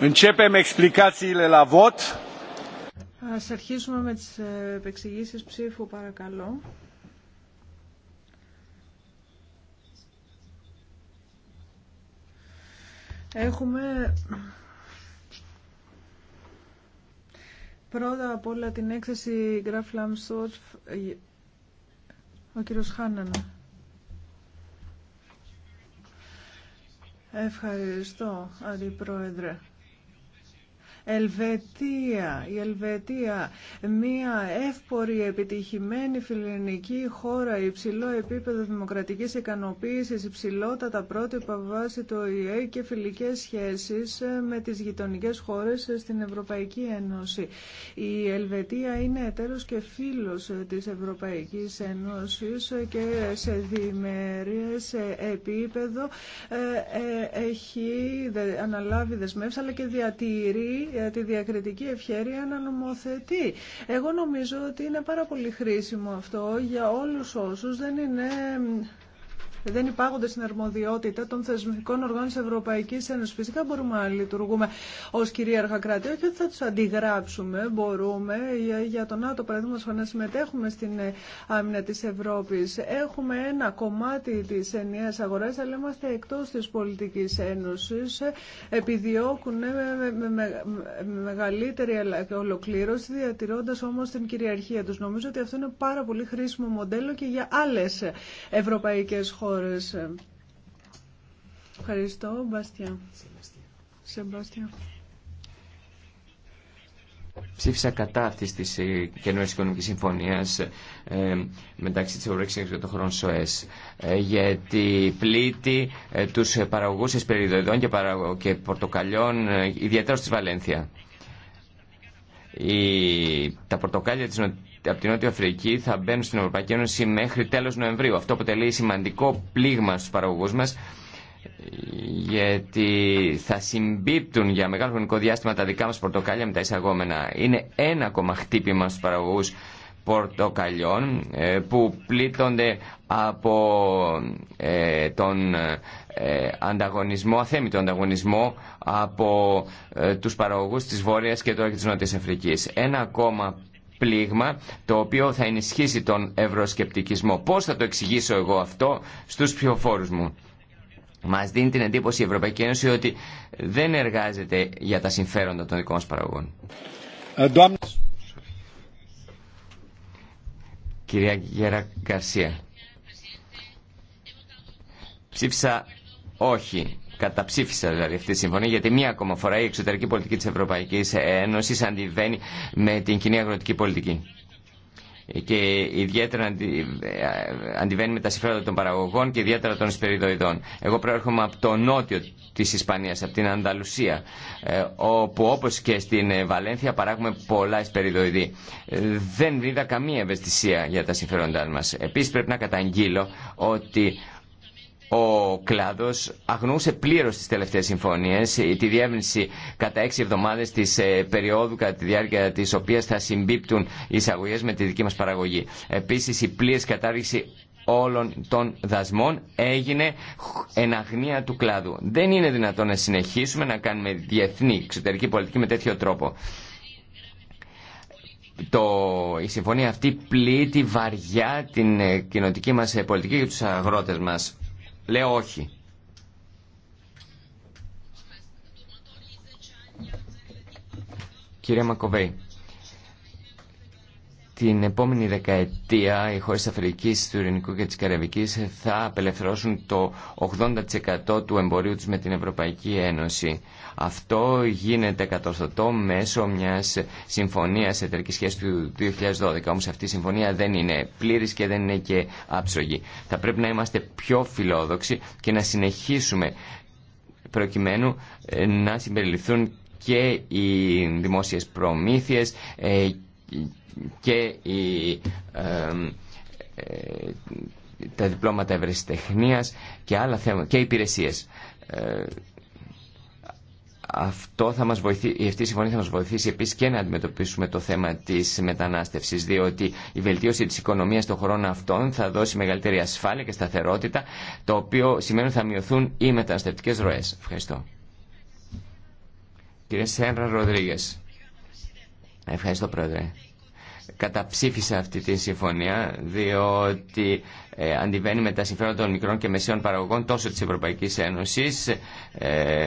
Ας αρχίσουμε με τις ε, επεξηγήσεις ψήφου, παρακαλώ. Έχουμε πρώτα απ' όλα την έκθεση Γκραφ ε, ο κύριος Χάνανα. Ευχαριστώ, Αντιπρόεδρε. Ελβετία, η Ελβετία, μια εύπορη, επιτυχημένη φιλενική χώρα, υψηλό επίπεδο δημοκρατικής ικανοποίησης, υψηλότατα πρότυπα βάση το ΙΕ και φιλικές σχέσεις ε, με τις γειτονικές χώρες ε, στην Ευρωπαϊκή Ένωση. Η Ελβετία είναι εταίρος και φίλος ε, της Ευρωπαϊκής Ένωσης και σε διημερίες επίπεδο έχει αναλάβει δεσμεύσει αλλά και διατηρεί για τη διακριτική ευχέρεια να νομοθετεί. Εγώ νομίζω ότι είναι πάρα πολύ χρήσιμο αυτό για όλους όσους δεν είναι δεν υπάρχονται στην αρμοδιότητα των θεσμικών οργάνων τη Ευρωπαϊκή Ένωση. Φυσικά μπορούμε να λειτουργούμε ω κυρίαρχα κράτη, όχι ότι θα του αντιγράψουμε. Μπορούμε για τον ΝΑΤΟ, παραδείγματο, να συμμετέχουμε στην ε, άμυνα τη Ευρώπη. Έχουμε ένα κομμάτι τη ενιαία αγορά, αλλά είμαστε εκτό τη πολιτική ένωση. Επιδιώκουν ε, με μεγαλύτερη ολοκλήρωση, διατηρώντα όμω την κυριαρχία του. Νομίζω ότι αυτό είναι πάρα πολύ χρήσιμο μοντέλο και για άλλε ευρωπαϊκέ χώρε μπορούσε. Ευχαριστώ, Μπαστιά. Σεμπαστιά. Ψήφισα κατά αυτής της ε, καινούργια οικονομικής συμφωνίας ε, μεταξύ της Ευρωπαϊκής και των χωρών ΣΟΕΣ ε, γιατί πλήττει ε, τους παραγωγούς εσπεριδοειδών και, παραγω... και πορτοκαλιών ε, ιδιαίτερα στη Βαλένθια. Η... Τα πορτοκάλια της από την Νότια Αφρική θα μπαίνουν στην Ευρωπαϊκή Ένωση μέχρι τέλος Νοεμβρίου. Αυτό αποτελεί σημαντικό πλήγμα στους παραγωγούς μα γιατί θα συμπίπτουν για μεγάλο χρονικό διάστημα τα δικά μας πορτοκάλια με τα εισαγόμενα. Είναι ένα ακόμα χτύπημα στους παραγωγούς πορτοκαλιών ε, που πλήττονται από ε, τον ε, ανταγωνισμό, αθέμητο ανταγωνισμό από τους παραγωγούς της Βόρειας και τώρα και της Νότιας Αφρικής. Ένα ακόμα πλήγμα το οποίο θα ενισχύσει τον ευρωσκεπτικισμό. Πώς θα το εξηγήσω εγώ αυτό στους ψηφοφόρους μου. Μας δίνει την εντύπωση η Ευρωπαϊκή Ένωση ότι δεν εργάζεται για τα συμφέροντα των δικών μας παραγωγών. Ε, Κυρία Γέρα Γκαρσία. Ψήφισα όχι καταψήφισα δηλαδή αυτή τη συμφωνία γιατί μία ακόμα φορά η εξωτερική πολιτική της Ευρωπαϊκής Ένωσης αντιβαίνει με την κοινή αγροτική πολιτική και ιδιαίτερα αντιβαίνει με τα συμφέροντα των παραγωγών και ιδιαίτερα των σπεριδοειδών. Εγώ προέρχομαι από το νότιο της Ισπανίας, από την Ανταλουσία, ε, όπου όπως και στην ε, Βαλένθια παράγουμε πολλά σπεριδοειδή. Δεν βρήκα καμία ευαισθησία για τα συμφέροντά μας. Επίσης πρέπει να καταγγείλω ότι ο κλάδος αγνούσε πλήρως τις τελευταίες συμφωνίε. τη διεύρυνση κατά έξι εβδομάδες της ε, περίοδου κατά τη διάρκεια τη οποία θα συμπίπτουν οι εισαγωγέ με τη δική μας παραγωγή. Επίση, η πλήρης κατάργηση όλων των δασμών έγινε εναγνία του κλάδου. Δεν είναι δυνατόν να συνεχίσουμε να κάνουμε διεθνή εξωτερική πολιτική με τέτοιο τρόπο. Το, η συμφωνία αυτή πλήττει βαριά την ε, κοινοτική μας ε, πολιτική και τους αγρότες μας. Λέω όχι. Κύριε Μακοβέη, την επόμενη δεκαετία οι χώρες της Αφρικής, του Ειρηνικού και της Καραβικής θα απελευθερώσουν το 80% του εμπορίου τους με την Ευρωπαϊκή Ένωση. Αυτό γίνεται κατορθωτό μέσω μιας συμφωνίας εταιρικής σχέσης του 2012. Όμως αυτή η συμφωνία δεν είναι πλήρης και δεν είναι και άψογη. Θα πρέπει να είμαστε πιο φιλόδοξοι και να συνεχίσουμε προκειμένου ε, να συμπεριληφθούν και οι δημόσιες προμήθειες ε, και ε, τα διπλώματα ευρεσιτεχνίας και άλλα θέματα και υπηρεσίες. Ε, αυτό θα μας βοηθήσει, αυτή η συμφωνία θα μας βοηθήσει επίσης και να αντιμετωπίσουμε το θέμα της μετανάστευσης, διότι η βελτίωση της οικονομίας των χωρών αυτών θα δώσει μεγαλύτερη ασφάλεια και σταθερότητα, το οποίο σημαίνει ότι θα μειωθούν οι μεταναστευτικές ροές. Ευχαριστώ. Κύριε Σένρα Ροδρίγες. Ευχαριστώ πρόεδρε. Καταψήφισα αυτή τη συμφωνία διότι ε, αντιβαίνει με τα συμφέροντα των μικρών και μεσαίων παραγωγών τόσο της Ευρωπαϊκής Ένωσης ε,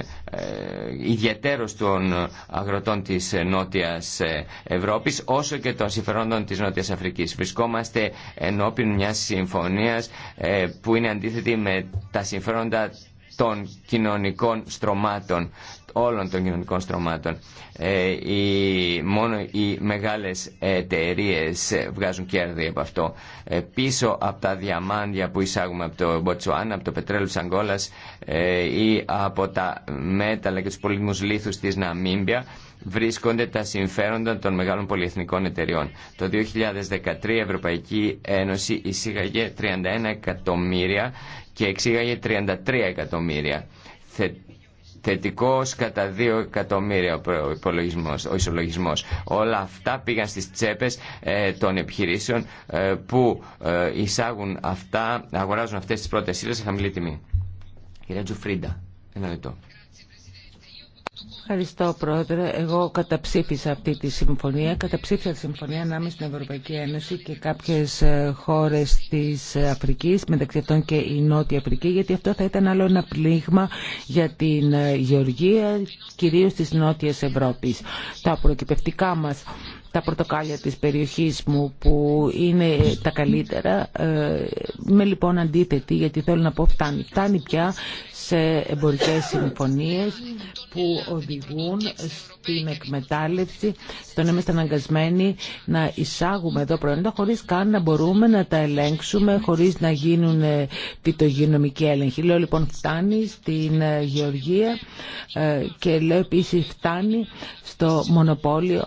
ε των αγροτών της Νότιας ε, Ευρώπης όσο και των συμφερόντων της Νότιας Αφρικής. Βρισκόμαστε ενώπιν μιας συμφωνίας ε, που είναι αντίθετη με τα συμφέροντα των κοινωνικών στρωμάτων όλων των κοινωνικών στρωμάτων. Ε, οι, μόνο οι μεγάλες εταιρείε βγάζουν κέρδη από αυτό. Ε, πίσω από τα διαμάντια που εισάγουμε από το Μποτσουάν, από το πετρέλαιο της Αγγόλας ε, ή από τα μέταλλα και τους πολύμους λίθους της Ναμίμπια βρίσκονται τα συμφέροντα των μεγάλων πολυεθνικών εταιριών. Το 2013 η Ευρωπαϊκή Ένωση εισήγαγε 31 εκατομμύρια και εξήγαγε 33 εκατομμύρια θετικός κατά 2 εκατομμύρια ο ισολογισμό. Όλα αυτά πήγαν στις τσέπες ε, των επιχειρήσεων ε, που ε, εισάγουν αυτά, αγοράζουν αυτές τις πρώτες σύλλε σε χαμηλή τιμή. Κυρία Τζουφρίντα, ένα λεπτό. Ευχαριστώ Πρόεδρε. Εγώ καταψήφισα αυτή τη συμφωνία. Καταψήφισα τη συμφωνία ανάμεσα στην Ευρωπαϊκή Ένωση και κάποιε ε, χώρε τη ε, Αφρική, μεταξύ αυτών και η Νότια Αφρική, γιατί αυτό θα ήταν άλλο ένα πλήγμα για την ε, γεωργία, κυρίω τη νότια Ευρώπη. Τα προκυπευτικά μα τα πορτοκάλια της περιοχής μου που είναι τα καλύτερα. με λοιπόν αντίθετη γιατί θέλω να πω φτάνει. Φτάνει πια σε εμπορικές συμφωνίες που οδηγούν στην εκμετάλλευση, στο να είμαστε αναγκασμένοι να εισάγουμε εδώ προϊόντα χωρίς καν να μπορούμε να τα ελέγξουμε, χωρίς να γίνουν φυτογειονομικοί έλεγχοι. Λέω λοιπόν φτάνει στην ε, Γεωργία ε, και λέω επίσης φτάνει στο μονοπόλιο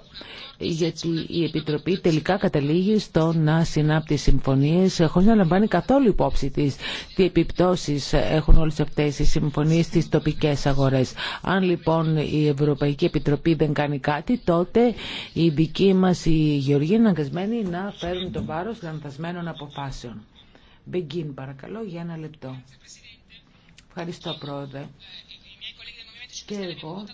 γιατί η Επιτροπή τελικά καταλήγει στο να συνάπτει συμφωνίες ε, χωρίς να λαμβάνει καθόλου υπόψη της τι επιπτώσεις έχουν όλες αυτές οι συμφωνίες στις τοπικές αγορές. Αν λοιπόν η Ευρωπαϊκή Επιτροπή δεν κάνει κάτι, τότε οι δική μας οι γεωργοί είναι να φέρουν το βάρος λανθασμένων αποφάσεων. Begin, παρακαλώ για ένα λεπτό. Ευχαριστώ πρόεδρε. Και εγώ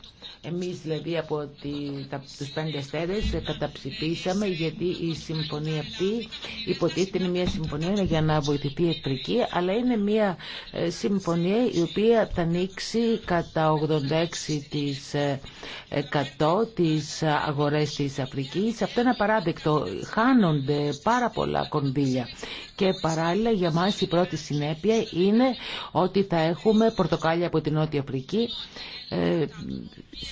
εμείς δηλαδή από τη, τα, τους πέντε αστέρες ε, καταψηφίσαμε γιατί η συμφωνία αυτή υποτίθεται είναι μια συμφωνία για να βοηθηθεί η Αφρική αλλά είναι μια ε, συμφωνία η οποία θα ανοίξει κατά 86% της ε, αγορές της Αφρικής. Αυτό είναι απαράδεκτο. Χάνονται πάρα πολλά κονδύλια. Και παράλληλα για μας η πρώτη συνέπεια είναι ότι θα έχουμε πορτοκάλια από την Νότια Αφρική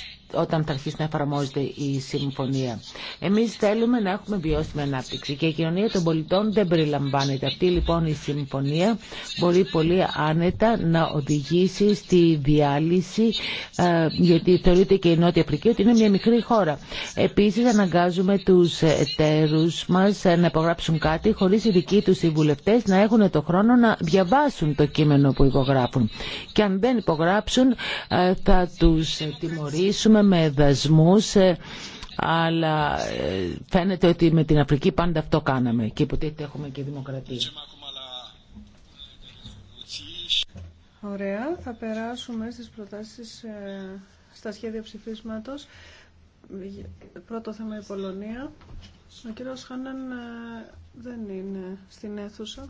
Υπότιτλοι AUTHORWAVE όταν θα αρχίσει να εφαρμόζεται η συμφωνία. Εμείς θέλουμε να έχουμε βιώσιμη ανάπτυξη και η κοινωνία των πολιτών δεν περιλαμβάνεται. Αυτή λοιπόν η συμφωνία μπορεί πολύ άνετα να οδηγήσει στη διάλυση ε, γιατί θεωρείται και η Νότια Αφρική ότι είναι μια μικρή χώρα. Επίσης αναγκάζουμε τους εταίρους μας να υπογράψουν κάτι χωρίς οι δικοί τους οι βουλευτές να έχουν το χρόνο να διαβάσουν το κείμενο που υπογράφουν. Και αν δεν υπογράψουν ε, θα τους τιμωρήσουμε με δασμούς ε, αλλά ε, φαίνεται ότι με την Αφρική πάντα αυτό κάναμε και υποτίθεται έχουμε και δημοκρατία. Ωραία, θα περάσουμε στις προτάσεις ε, στα σχέδια ψηφίσματος. Πρώτο θέμα η Πολωνία. Ο κύριος Χάναν δεν είναι στην αίθουσα.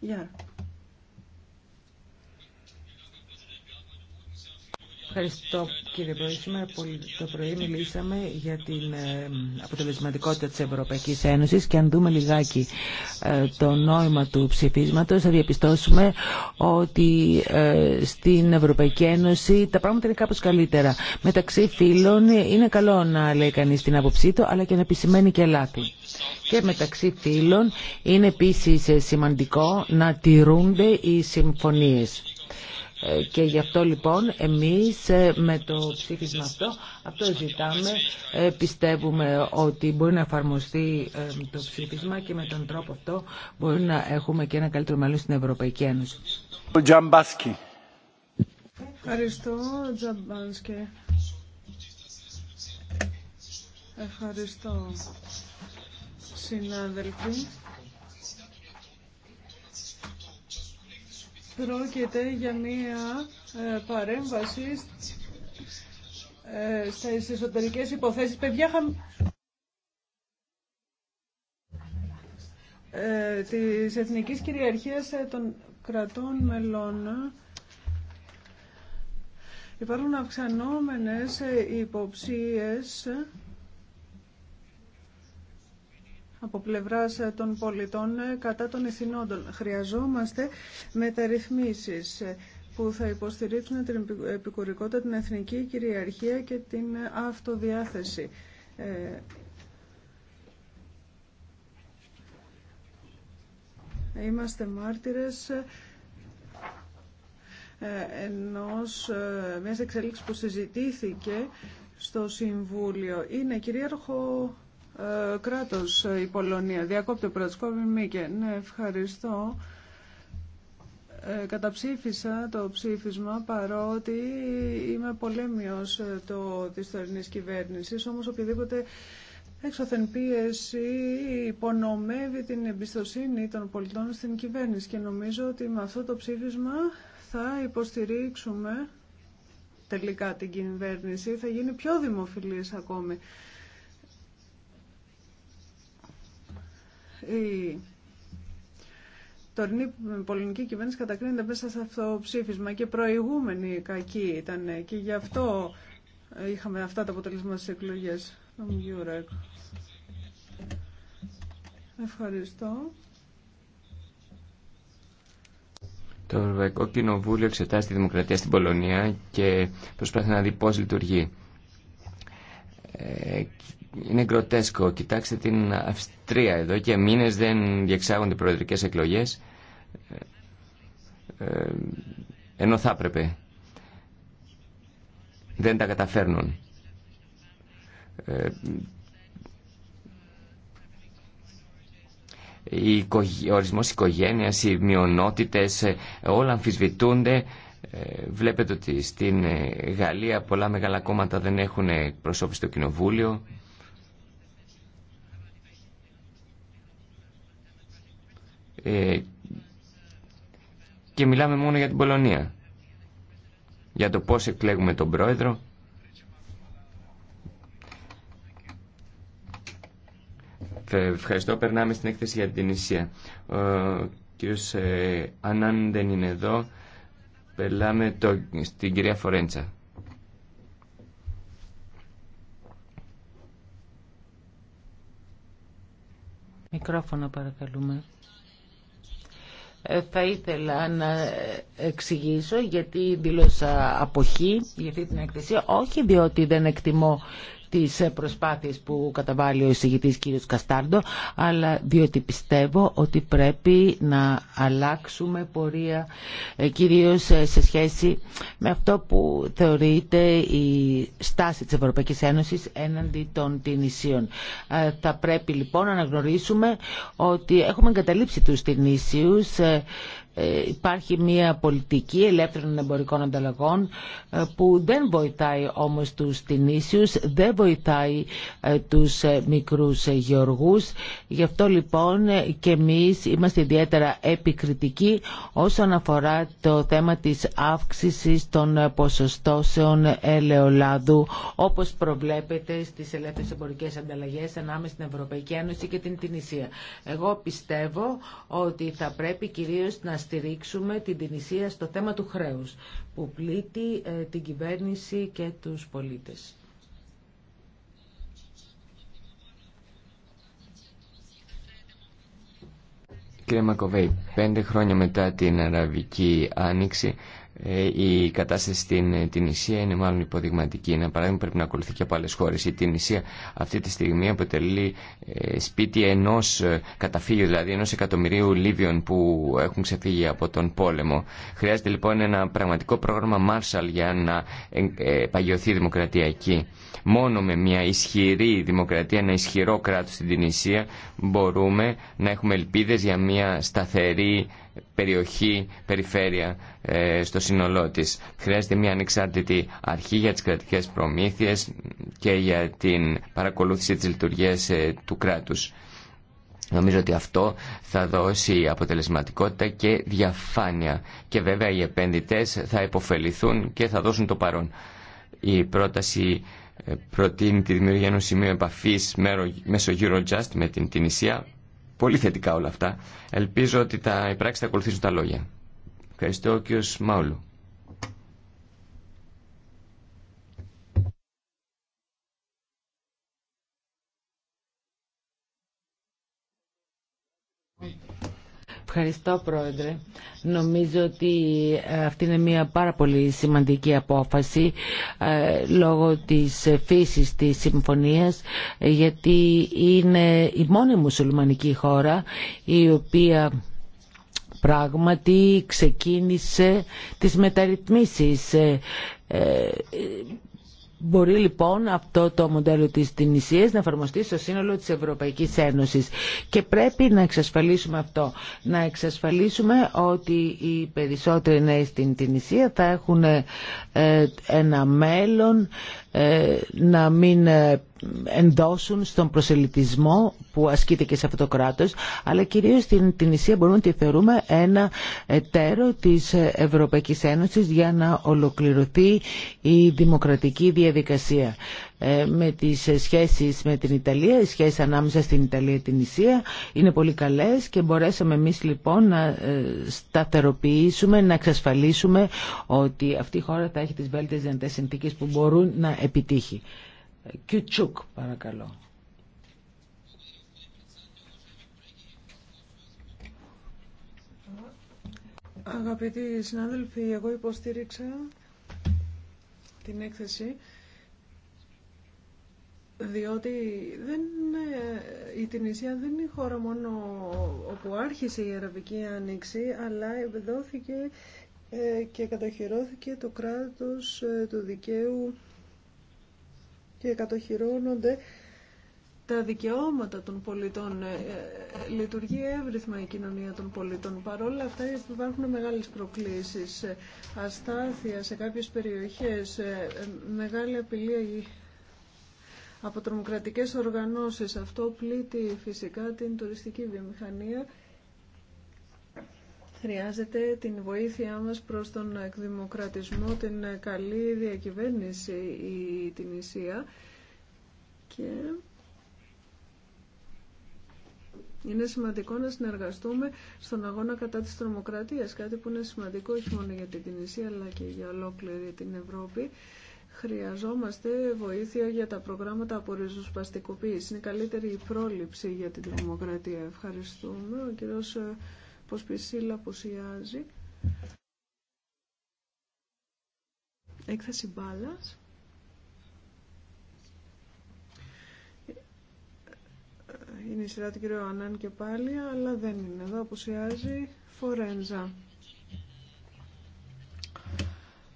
Γεια. Ευχαριστώ κύριε Πρόεδρε. Σήμερα το πρωί μιλήσαμε για την ε, αποτελεσματικότητα της Ευρωπαϊκής Ένωσης και αν δούμε λιγάκι ε, το νόημα του ψηφίσματος θα διαπιστώσουμε ότι ε, στην Ευρωπαϊκή Ένωση τα πράγματα είναι κάπως καλύτερα. Μεταξύ φίλων είναι καλό να λέει κανείς την άποψή του αλλά και να επισημαίνει και λάθη. Και μεταξύ φίλων είναι επίσης σημαντικό να τηρούνται οι συμφωνίες. Ε, και γι' αυτό λοιπόν εμείς ε, με το ψήφισμα αυτό, αυτό ζητάμε, ε, πιστεύουμε ότι μπορεί να εφαρμοστεί το ψήφισμα και με τον τρόπο αυτό μπορεί να έχουμε και ένα καλύτερο μέλλον στην Ευρωπαϊκή Ένωση. Ευχαριστώ, Ευχαριστώ, συνάδελφοι. πρόκειται για μία ε, παρέμβαση ε, στις εσωτερικές υποθέσεις. Παιδιά, ε, της εθνικής κυριαρχίας ε, των κρατών μελών υπάρχουν αυξανόμενες υποψίες από πλευράς ε, των πολιτών ε, κατά των ηθινόντων. Χρειαζόμαστε μεταρρυθμίσεις ε, που θα υποστηρίξουν την επικουρικότητα, την εθνική κυριαρχία και την αυτοδιάθεση. Είμαστε μάρτυρες ενός, μιας εξέλιξης που συζητήθηκε στο Συμβούλιο. Είναι κυρίαρχο ε, κράτος ε, η Πολωνία. Διακόπτει ο πρώτος. Ναι, ευχαριστώ. Ε, καταψήφισα το ψήφισμα παρότι είμαι πολέμιος ε, το, της τωρινής κυβέρνησης, όμως οποιοδήποτε έξωθεν πίεση υπονομεύει την εμπιστοσύνη των πολιτών στην κυβέρνηση και νομίζω ότι με αυτό το ψήφισμα θα υποστηρίξουμε τελικά την κυβέρνηση, θα γίνει πιο δημοφιλής ακόμη. η τωρινή πολωνική κυβέρνηση κατακρίνεται μέσα σε αυτό το ψήφισμα και προηγούμενη κακή ήταν και γι' αυτό είχαμε αυτά τα αποτελέσματα στις εκλογές. Ευχαριστώ. Το Ευρωπαϊκό Κοινοβούλιο εξετάζει τη δημοκρατία στην Πολωνία και προσπάθει να δει πώς λειτουργεί. Ε, είναι γκροτέσκο. Κοιτάξτε την Αυστρία. Εδώ και μήνες δεν διεξάγονται προεδρικές εκλογές ε, ε, ενώ θα έπρεπε. Δεν τα καταφέρνουν. Ε, ο ορισμός οικογένειας, οι μειονότητες, όλα αμφισβητούνται. Βλέπετε ότι στην Γαλλία πολλά μεγάλα κόμματα δεν έχουν προσώπηση στο κοινοβούλιο. Ε, και μιλάμε μόνο για την Πολωνία. Για το πώς εκλέγουμε τον πρόεδρο. Ευχαριστώ. Περνάμε στην έκθεση για την Ισία. Ο κύριος ε, Ανάν δεν είναι εδώ. Περνάμε το, στην κυρία Φορέντσα. Μικρόφωνο παρακαλούμε θα ήθελα να εξηγήσω γιατί δήλωσα αποχή για αυτή την εκθεσία, όχι διότι δεν εκτιμώ τις ε, προσπάθειες που καταβάλει ο εισηγητής κ. Καστάρντο, αλλά διότι πιστεύω ότι πρέπει να αλλάξουμε πορεία, ε, κυρίως ε, σε σχέση με αυτό που θεωρείται η στάση της Ευρωπαϊκής Ένωσης έναντι των Τινησίων. Θα πρέπει λοιπόν να αναγνωρίσουμε ότι έχουμε εγκαταλείψει τους Τινήσιους ε, υπάρχει μια πολιτική ελεύθερων εμπορικών ανταλλαγών ε, που δεν βοηθάει όμως τους τινήσιους, δεν βοηθάει ε, τους μικρούς γεωργούς. Γι' αυτό λοιπόν και εμείς είμαστε ιδιαίτερα επικριτικοί όσον αφορά το θέμα της αύξησης των ποσοστώσεων ελαιολάδου όπως προβλέπεται στις ελεύθερες εμπορικές ανταλλαγές ανάμεσα στην Ευρωπαϊκή Ένωση και την Τινησία. Εγώ πιστεύω ότι θα πρέπει κυρίως να στηρίξουμε την Τινησία στο θέμα του χρέους που πλήττει ε, την κυβέρνηση και τους πολίτες. Κύριε Μακοβέη, πέντε χρόνια μετά την Αραβική Άνοιξη ε, η κατάσταση στην ε, την Ισία είναι μάλλον υποδειγματική. Ένα παράδειγμα πρέπει να ακολουθεί και από άλλε χώρε. Η Τινησία αυτή τη στιγμή αποτελεί ε, σπίτι ενός καταφύγιου, δηλαδή ενό εκατομμυρίου Λίβιων που έχουν ξεφύγει από τον πόλεμο. Χρειάζεται λοιπόν ένα πραγματικό πρόγραμμα Marshall για να παγιωθεί η δημοκρατία εκεί. Μόνο με μια ισχυρή δημοκρατία, ένα ισχυρό κράτο στην Τινησία μπορούμε να έχουμε ελπίδε για μια σταθερή περιοχή, περιφέρεια ε, στο σύνολό της. Χρειάζεται μια ανεξάρτητη αρχή για τις κρατικές προμήθειες και για την παρακολούθηση της λειτουργίας ε, του κράτους. Νομίζω ότι αυτό θα δώσει αποτελεσματικότητα και διαφάνεια και βέβαια οι επενδυτές θα υποφεληθούν και θα δώσουν το παρόν. Η πρόταση ε, προτείνει τη δημιουργία ενός σημείου επαφής μέσω Eurojust με την Τινησία πολύ θετικά όλα αυτά. Ελπίζω ότι τα πράξεις θα ακολουθήσουν τα λόγια. Ευχαριστώ κ. Μάουλου. Ευχαριστώ Πρόεδρε. Νομίζω ότι ε, αυτή είναι μια πάρα πολύ σημαντική απόφαση ε, λόγω της φύσης της συμφωνίας ε, γιατί είναι η μόνη μουσουλμανική χώρα η οποία πράγματι ξεκίνησε τις μεταρρυθμίσεις Μπορεί λοιπόν αυτό το μοντέλο της Τινησίας να εφαρμοστεί στο σύνολο της Ευρωπαϊκής Ένωσης και πρέπει να εξασφαλίσουμε αυτό. Να εξασφαλίσουμε ότι οι περισσότεροι νέοι στην Τινησία θα έχουν ε, ένα μέλλον, ε, να μην ε, ενδώσουν στον προσελητισμό που ασκείται και σε αυτό το κράτο, αλλά κυρίως την, την Ισία μπορούμε να τη θεωρούμε ένα εταίρο της Ευρωπαϊκής Ένωσης για να ολοκληρωθεί η δημοκρατική διαδικασία ε, με τις σχέσεις με την Ιταλία, οι σχέσεις ανάμεσα στην Ιταλία και την Ισία είναι πολύ καλές και μπορέσαμε εμεί λοιπόν να ε, σταθεροποιήσουμε, να εξασφαλίσουμε ότι αυτή η χώρα θα έχει τις βέλτιες δυνατές συνθήκε που μπορούν να επιτύχει. Κιουτσούκ, παρακαλώ. Αγαπητοί συνάδελφοι, εγώ υποστήριξα την έκθεση διότι δεν, ε, η Τινησία δεν είναι χώρα μόνο όπου άρχισε η Αραβική Άνοιξη, αλλά επιδόθηκε ε, και κατοχυρώθηκε το κράτος ε, του δικαίου και κατοχυρώνονται τα δικαιώματα των πολιτών. Ε, ε, λειτουργεί εύρυθμα η κοινωνία των πολιτών. Παρόλα αυτά υπάρχουν μεγάλες προκλήσεις. Ε, αστάθεια σε κάποιες περιοχές, μεγάλη απειλή από τρομοκρατικές οργανώσεις. Αυτό πλήττει φυσικά την τουριστική βιομηχανία. Χρειάζεται την βοήθειά μας προς τον εκδημοκρατισμό, την καλή διακυβέρνηση η την Ισία και είναι σημαντικό να συνεργαστούμε στον αγώνα κατά της τρομοκρατίας, κάτι που είναι σημαντικό όχι μόνο για την Ισία αλλά και για ολόκληρη την Ευρώπη. Χρειαζόμαστε βοήθεια για τα προγράμματα από Είναι καλύτερη η πρόληψη για την τρομοκρατία. Ευχαριστούμε. Ο ε, πως Πισίλα αποσιάζει. Έκθεση μπάλας. Είναι η σειρά του κυρίου Ανάν και πάλι, αλλά δεν είναι. Εδώ απουσιάζει Φορένζα.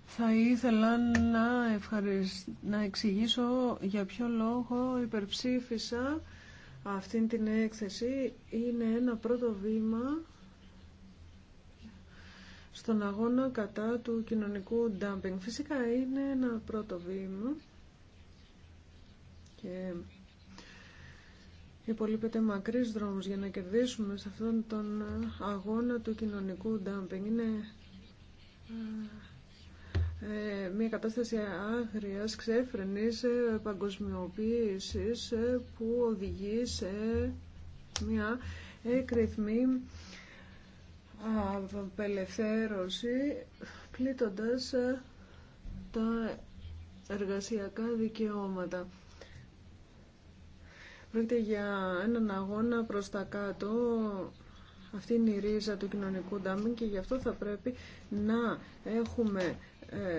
Θα ήθελα να, ευχαρισ... να εξηγήσω για ποιο λόγο υπερψήφισα αυτήν την έκθεση. Είναι ένα πρώτο βήμα στον αγώνα κατά του κοινωνικού ντάμπινγκ. Φυσικά είναι ένα πρώτο βήμα και υπολείπεται μακρύς δρόμος για να κερδίσουμε σε αυτόν τον αγώνα του κοινωνικού ντάμπινγκ. Είναι ε, ε, μια κατάσταση άγριας, ξέφρενης ε, παγκοσμιοποίησης που οδηγεί σε μια έκρηθμη απελευθέρωση πλήττοντας ε, τα εργασιακά δικαιώματα. Πρόκειται για έναν αγώνα προς τα κάτω. Αυτή είναι η ρίζα του κοινωνικού ντάμπινγκ και γι' αυτό θα πρέπει να έχουμε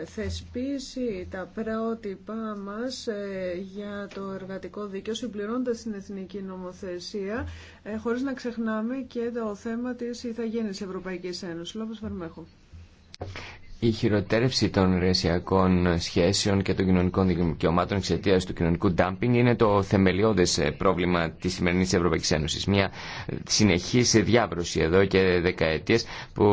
θεσπίσει τα πρότυπά μας ε, για το εργατικό δίκαιο συμπληρώνοντας την εθνική νομοθεσία ε, χωρίς να ξεχνάμε και το θέμα της ηθαγένειας Ευρωπαϊκής Ένωσης. Λόγος Φαρμέχου η χειροτέρευση των ρεσιακών σχέσεων και των κοινωνικών δικαιωμάτων εξαιτία του κοινωνικού ντάμπινγκ είναι το θεμελιώδε ε, πρόβλημα τη σημερινή Ευρωπαϊκή Ένωση. Μια συνεχή διάβρωση εδώ και δεκαετίε που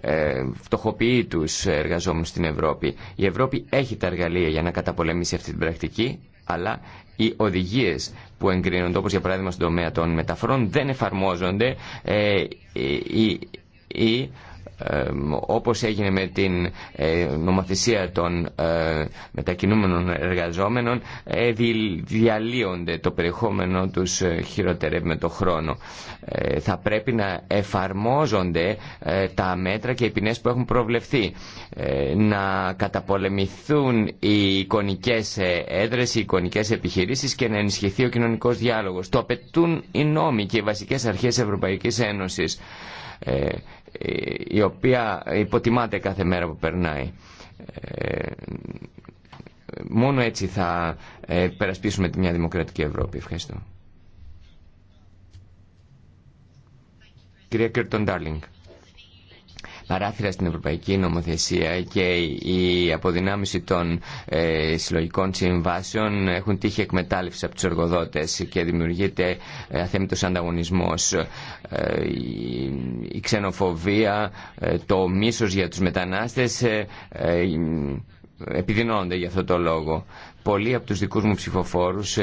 ε, φτωχοποιεί του εργαζόμενου στην Ευρώπη. Η Ευρώπη έχει τα εργαλεία για να καταπολεμήσει αυτή την πρακτική, αλλά οι οδηγίε που εγκρίνονται, όπω για παράδειγμα στον τομέα των μεταφορών, δεν εφαρμόζονται ή ε, όπως έγινε με την ε, νομοθεσία των ε, μετακινούμενων εργαζόμενων ε, διαλύονται το περιεχόμενο τους χειροτερεύει με το χρόνο. Θα πρέπει να εφαρμόζονται τα μέτρα και οι ποινές που έχουν προβλεφθεί. Να καταπολεμηθούν οι εικονικές έδρες, οι εικονικές επιχειρήσεις και να ενισχυθεί ο κοινωνικός διάλογος. Το απαιτούν οι νόμοι και οι βασικές αρχές Ευρωπαϊκής Ένωσης η οποία υποτιμάται κάθε μέρα που περνάει. Ε, μόνο έτσι θα ε, περασπίσουμε τη μια δημοκρατική Ευρώπη. Ευχαριστώ. Κυρία Κέρτον Ντάρλινγκ παράθυρα στην ευρωπαϊκή νομοθεσία και η αποδυνάμιση των ε, συλλογικών συμβάσεων έχουν τύχει εκμετάλλευση από τους εργοδότες και δημιουργείται ε, αθέμητος ανταγωνισμός. Ε, η ξενοφοβία, το μίσος για τους μετανάστες επιδεινώνονται για αυτό το λόγο. Πολλοί από τους δικούς μου ψηφοφόρους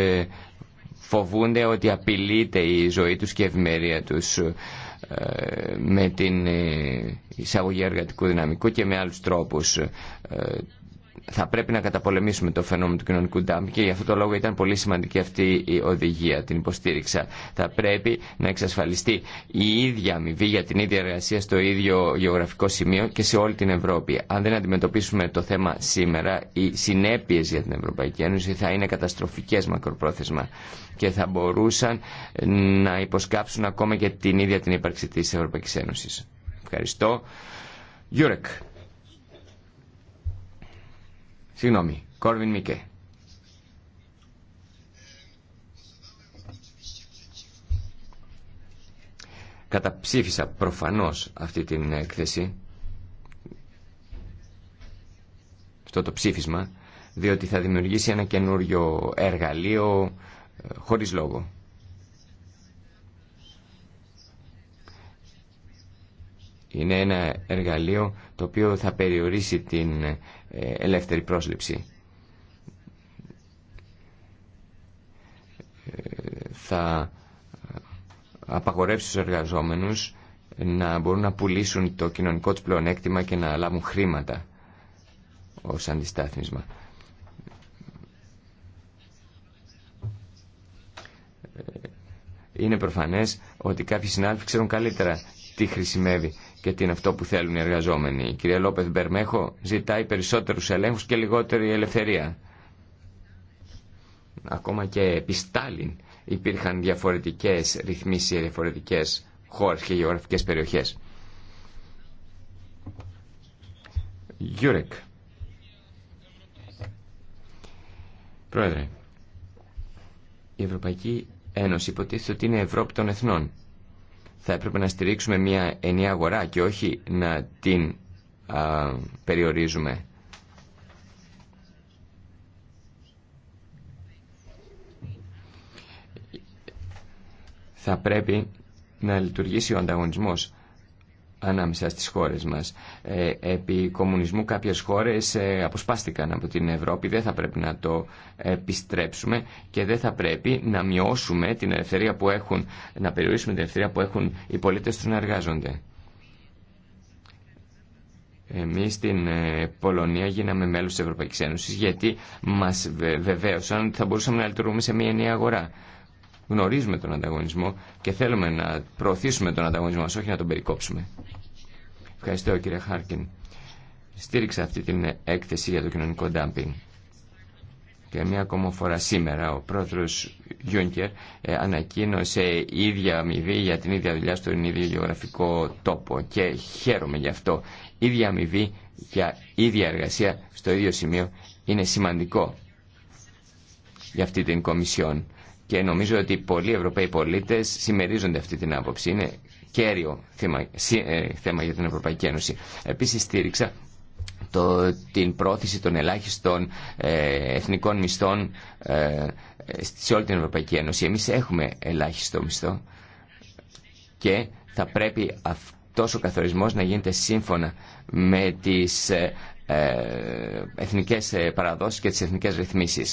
φοβούνται ότι απειλείται η ζωή τους και η ευημερία τους με την ε, εισαγωγή εργατικού δυναμικού και με άλλους τρόπους ε, θα πρέπει να καταπολεμήσουμε το φαινόμενο του κοινωνικού ντάμπ και γι' αυτό το λόγο ήταν πολύ σημαντική αυτή η οδηγία, την υποστήριξα. Θα πρέπει να εξασφαλιστεί η ίδια αμοιβή για την ίδια εργασία στο ίδιο γεωγραφικό σημείο και σε όλη την Ευρώπη. Αν δεν αντιμετωπίσουμε το θέμα σήμερα, οι συνέπειε για την Ευρωπαϊκή Ένωση θα είναι καταστροφικέ μακροπρόθεσμα και θα μπορούσαν να υποσκάψουν ακόμα και την ίδια την ύπαρξη τη Ευρωπαϊκή Ένωση. Ευχαριστώ. Συγγνώμη, Κόρβιν Μικέ. Καταψήφισα προφανώς αυτή την έκθεση αυτό το ψήφισμα διότι θα δημιουργήσει ένα καινούριο εργαλείο ε, χωρίς λόγο. είναι ένα εργαλείο το οποίο θα περιορίσει την ε, ελεύθερη πρόσληψη. Ε, θα απαγορεύσει τους εργαζόμενους να μπορούν να πουλήσουν το κοινωνικό τους πλεονέκτημα και να λάβουν χρήματα ως αντιστάθμισμα. Ε, είναι προφανές ότι κάποιοι συνάδελφοι ξέρουν καλύτερα τι χρησιμεύει και τι είναι αυτό που θέλουν οι εργαζόμενοι. Η κυρία Λόπεθ Μπερμέχο ζητάει περισσότερους ελέγχους και λιγότερη ελευθερία. Ακόμα και επί Στάλιν υπήρχαν διαφορετικές ρυθμίσεις σε διαφορετικές χώρες και γεωγραφικές περιοχές. Γιούρεκ. Πρόεδρε, η Ευρωπαϊκή Ένωση υποτίθεται ότι είναι Ευρώπη των Εθνών θα έπρεπε να στηρίξουμε μια ενιαία αγορά και όχι να την περιορίζουμε. Θα πρέπει να λειτουργήσει ο ανταγωνισμός ανάμεσα στις χώρες μας. Ε, επί κομμουνισμού κάποιες χώρες ε, αποσπάστηκαν από την Ευρώπη, δεν θα πρέπει να το επιστρέψουμε και δεν θα πρέπει να μειώσουμε την ελευθερία που έχουν, να περιορίσουμε την ελευθερία που έχουν οι πολίτες τους να εργάζονται. Εμείς στην ε, Πολωνία γίναμε μέλος της Ευρωπαϊκής Ένωσης γιατί μας βεβαίωσαν ότι θα μπορούσαμε να λειτουργούμε σε μια νέα αγορά γνωρίζουμε τον ανταγωνισμό και θέλουμε να προωθήσουμε τον ανταγωνισμό μας, όχι να τον περικόψουμε. Ευχαριστώ κύριε Χάρκιν. Στήριξα αυτή την έκθεση για το κοινωνικό ντάμπινγκ. Και μια ακόμα φορά σήμερα ο πρόεδρος Γιούνκερ ε, ανακοίνωσε ίδια αμοιβή για την ίδια δουλειά στον ίδιο γεωγραφικό τόπο και χαίρομαι γι' αυτό. Ίδια αμοιβή για ίδια εργασία στο ίδιο σημείο είναι σημαντικό για αυτή την Κομισιόν και νομίζω ότι πολλοί Ευρωπαίοι πολίτες συμμερίζονται αυτή την άποψη. Είναι κέριο θέμα, ε, θέμα για την Ευρωπαϊκή Ένωση. Επίση στήριξα το, την πρόθεση των ελάχιστων ε, εθνικών μισθών ε, σε όλη την Ευρωπαϊκή Ένωση. Εμείς έχουμε ελάχιστο μισθό και θα πρέπει αυτός ο καθορισμός να γίνεται σύμφωνα με τις ε, εθνικέ παραδόσει και τι εθνικέ ρυθμίσει.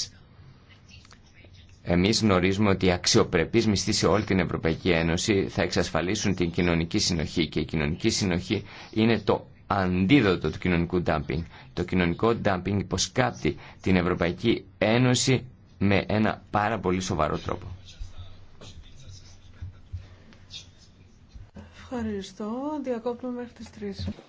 Εμείς γνωρίζουμε ότι οι αξιοπρεπεί μισθοί σε όλη την Ευρωπαϊκή Ένωση θα εξασφαλίσουν την κοινωνική συνοχή και η κοινωνική συνοχή είναι το αντίδοτο του κοινωνικού ντάμπινγκ. Το κοινωνικό ντάμπινγκ υποσκάπτει την Ευρωπαϊκή Ένωση με ένα πάρα πολύ σοβαρό τρόπο. Ευχαριστώ. Διακόπτουμε μέχρι τις 3.